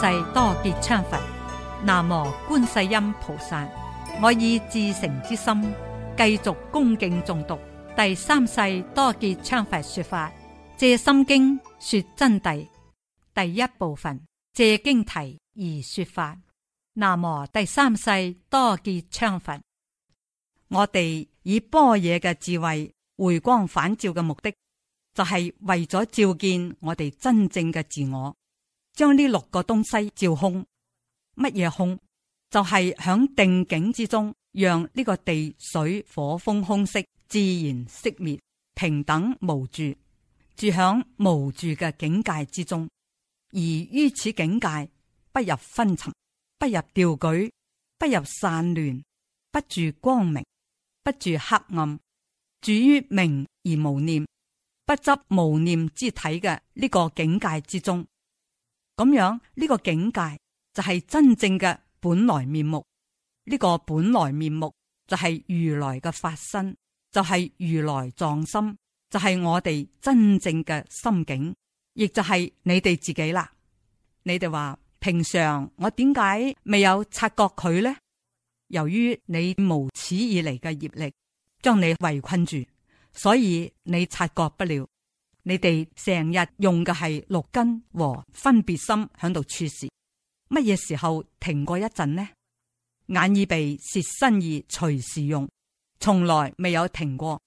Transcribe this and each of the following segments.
世多杰羌佛，南無觀世音菩薩。我以至誠之心，繼續恭敬誦讀第三世多杰羌佛說法《借心經》說真諦第一部分借經題而說法。南無第三世多杰羌佛。我哋以般若嘅智慧回光返照嘅目的，就係、是、為咗照見我哋真正嘅自我。將呢六個東西照空，乜嘢空就係響定境之中，讓呢個地水火風空識自然熄滅，平等無住住響無住嘅境界之中，而於此境界不入昏沉，不入掉舉，不入散亂，不住光明，不住黑暗，住於明而無念，不執無念之體嘅呢個境界之中。咁樣呢個境界就係真正嘅本來面目，呢個本來面目就係如來嘅法身，就係如來藏心，就係我哋真正嘅心境，亦就係你哋自己啦。你哋話平常我點解未有察覺佢呢？由於你無始以嚟嘅業力將你圍困住，所以你察覺不了。你哋成日用嘅係六根和分別心喺度處事，乜嘢時候停過一陣呢？眼耳鼻舌身意隨時用，從來未有停過。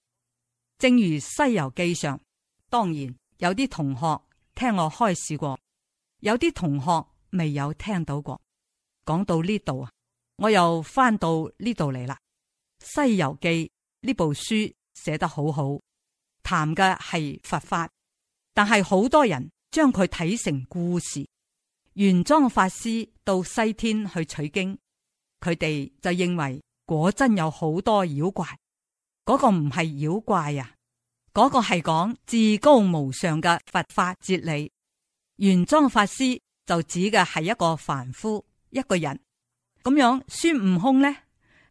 正如《西遊記》上，當然有啲同學聽我開示過，有啲同學未有聽到過。講到呢度啊，我又翻到呢度嚟啦。《西遊記》呢部書寫得好好，談嘅係佛法。但係好多人將佢睇成故事，玄奘法師到西天去取經，佢哋就認為果真有好多妖怪，嗰、那個唔係妖怪呀、啊，嗰、那個係講至高無上嘅佛法哲理。玄奘法師就指嘅係一個凡夫一個人，咁樣孫悟空呢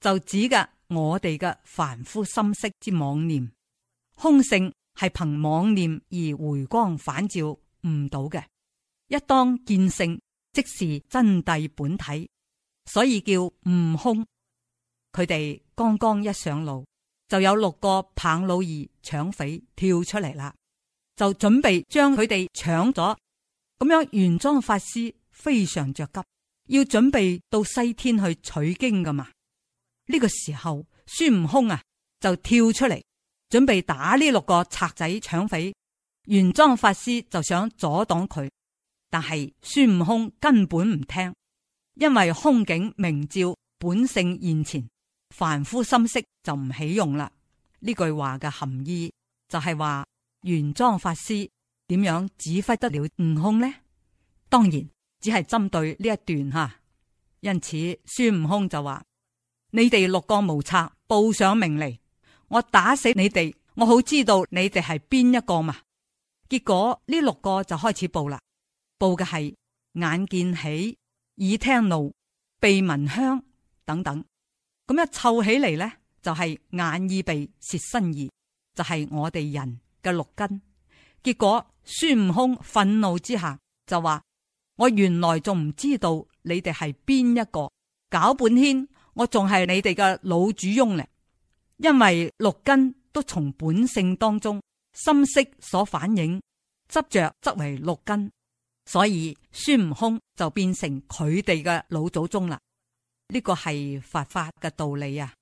就指嘅我哋嘅凡夫心識之妄念空性。係憑妄念而回光返照唔到嘅，一當見性，即是真諦本體，所以叫悟空。佢哋剛剛一上路，就有六個棒老二搶匪跳出嚟啦，就準備將佢哋搶咗。咁樣玄奘法師非常着急，要準備到西天去取經噶嘛。呢、呢個時候，孫悟空啊就跳出嚟。準備打呢六個賊仔搶匪，原裝法師就想阻擋佢，但係孫悟空根本唔聽，因為空境明照本性現前，凡夫心識就唔起用啦。呢句話嘅含義就係話原裝法師點樣指揮得了悟空呢？當然只係針對呢一段吓，因此孫悟空就話：你哋六個無賊，報上名嚟。我打死你哋，我好知道你哋係邊一個嘛？結果呢六個就開始報啦，報嘅係眼見喜、耳聽怒、鼻聞香等等，咁一湊起嚟呢，就係眼耳鼻舌身意，就係我哋人嘅六根。結果孫悟空憤怒之下就話：我原來仲唔知道你哋係邊一個，搞半天我仲係你哋嘅老主翁咧。因為六根都從本性當中心識所反映，執着則為六根，所以孫悟空就變成佢哋嘅老祖宗啦。呢個係佛法嘅道理啊！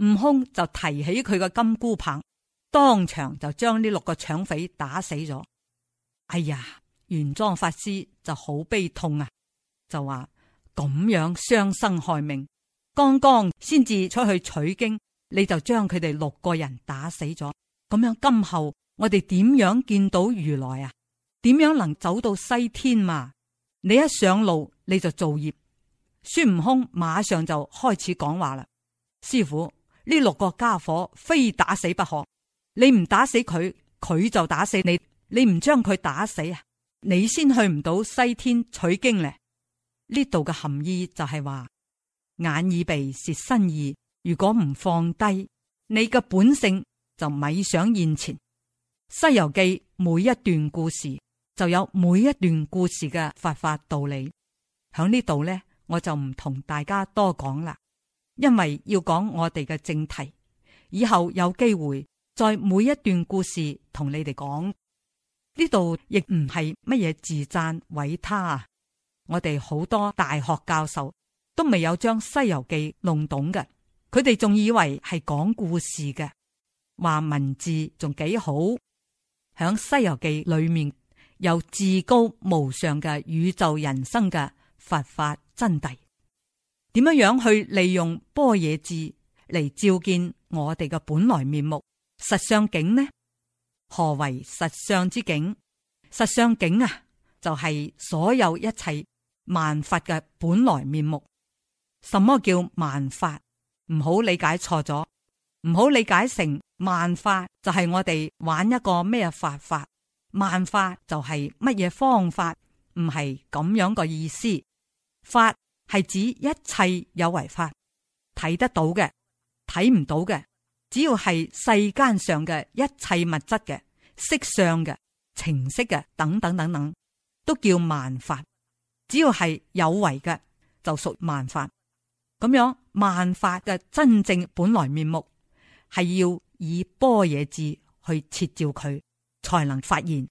悟空就提起佢嘅金箍棒，當場就將呢六個搶匪打死咗。哎呀，玄奘法師就好悲痛啊，就話咁樣傷生害命，剛剛先至出去取經。你就將佢哋六個人打死咗，咁樣今後我哋點樣見到如來啊？點樣能走到西天嘛，啊？你一上路你就造業，孫悟空馬上就開始講話啦。師傅，呢六個家伙非打死不可，你唔打死佢，佢就打死你。你唔將佢打死啊，你先去唔到西天取經咧。呢度嘅含義就係話眼耳鼻舌身意。如果唔放低你嘅本性，就咪想現前。《西遊記》每一段故事就有每一段故事嘅佛法道理。響呢度咧，我就唔同大家多講啦，因為要講我哋嘅正題。以後有機會再每一段故事同你哋講，呢度亦唔係乜嘢自贊毀他啊！我哋好多大學教授都未有將《西遊記》弄懂嘅。佢哋仲以為係講故事嘅，話文字仲幾好。響《西遊記》裏面，有至高無上嘅宇宙人生嘅佛法真諦。點樣樣去利用般若智嚟照見我哋嘅本來面目？實相境呢？何為實相之境？實相境啊，就係、是、所有一切萬法嘅本來面目。什麼叫萬法？唔好理解錯咗，唔好理解成萬法就係我哋玩一個咩法法，萬法就係乜嘢方法，唔係咁樣個意思。法係指一切有為法，睇得到嘅，睇唔到嘅，只要係世間上嘅一切物質嘅色相嘅、程式嘅等等等等，都叫萬法。只要係有為嘅，就屬萬法。咁樣萬法嘅真正本來面目係要以般若智去徹照佢，才能發現。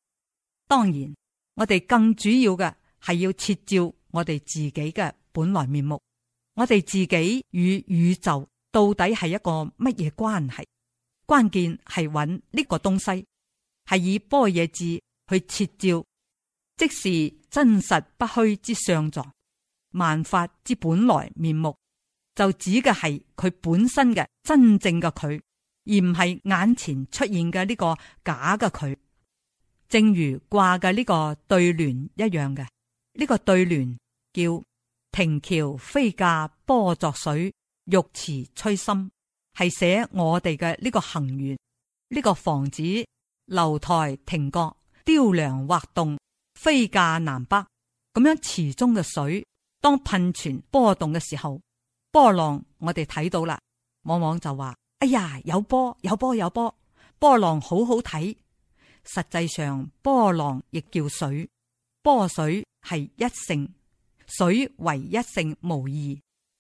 當然，我哋更主要嘅係要徹照我哋自己嘅本來面目，我哋自己與宇宙到底係一個乜嘢關係？關鍵係揾呢個東西，係以般若智去徹照，即是真實不虛之相狀，萬法之本來面目。就指嘅係佢本身嘅真正嘅佢，而唔係眼前出現嘅呢個假嘅佢。正如掛嘅呢個對聯一樣嘅，呢個對聯叫亭橋飛架波作水，玉池吹心，係寫我哋嘅呢個行園呢個房子樓台、亭閣，雕梁畫棟，飛架南北，咁樣池中嘅水當噴泉波動嘅時候。波浪我哋睇到啦，往往就話：哎呀，有波，有波，有波，波浪好好睇。實際上，波浪亦叫水，波水係一性，水為一性無二，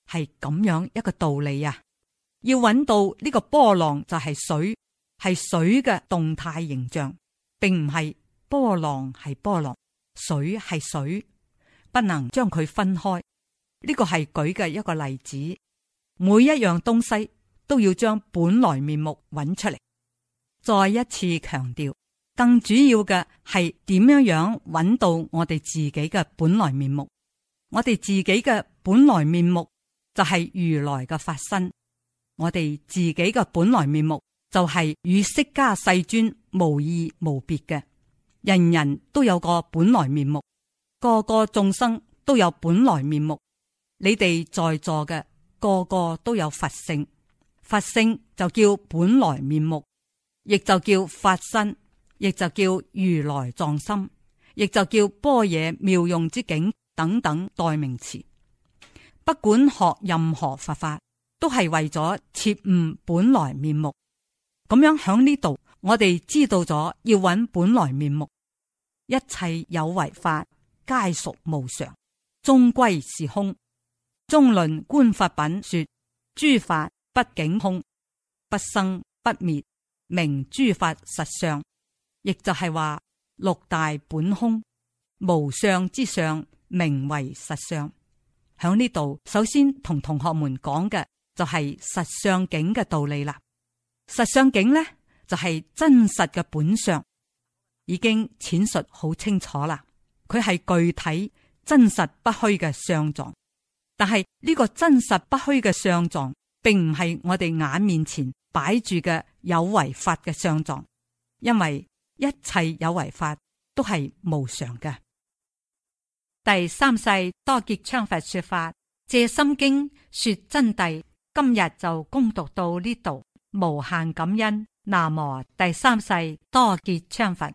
係咁樣一個道理啊！要揾到呢個波浪就係水，係水嘅動態形象，並唔係波浪係波浪，水係水，不能將佢分開。呢個係舉嘅一個例子，每一樣東西都要將本來面目揾出嚟。再一次強調，更主要嘅係點樣樣揾到我哋自己嘅本來面目。我哋自己嘅本來面目就係如來嘅法身。我哋自己嘅本來面目就係與釋迦世尊無異無別嘅。人人都有個本來面目，個個眾生都有本來面目。你哋在座嘅個個都有佛性，佛性就叫本來面目，亦就叫法身，亦就叫如來藏心，亦就叫般若妙用之境等等代名詞。不管學任何佛法，都係為咗徹悟本來面目。咁樣喺呢度，我哋知道咗要揾本來面目，一切有為法皆屬無常，終歸是空。中論觀法品說，諸法不境空，不生不滅，名諸法實相。亦就係話六大本空，無相之相名為實相。響呢度，首先同同學們講嘅就係、是、實相境嘅道理啦。實相境呢，就係、是、真實嘅本相，已經闡述好清楚啦。佢係具體真實不虛嘅相狀。但係呢、這個真實不虛嘅相狀，並唔係我哋眼面前擺住嘅有為法嘅相狀，因為一切有為法都係無常嘅。第三世多杰羌佛說法，藉心經說真諦。今日就恭讀到呢度，無限感恩。那麼第三世多杰羌佛。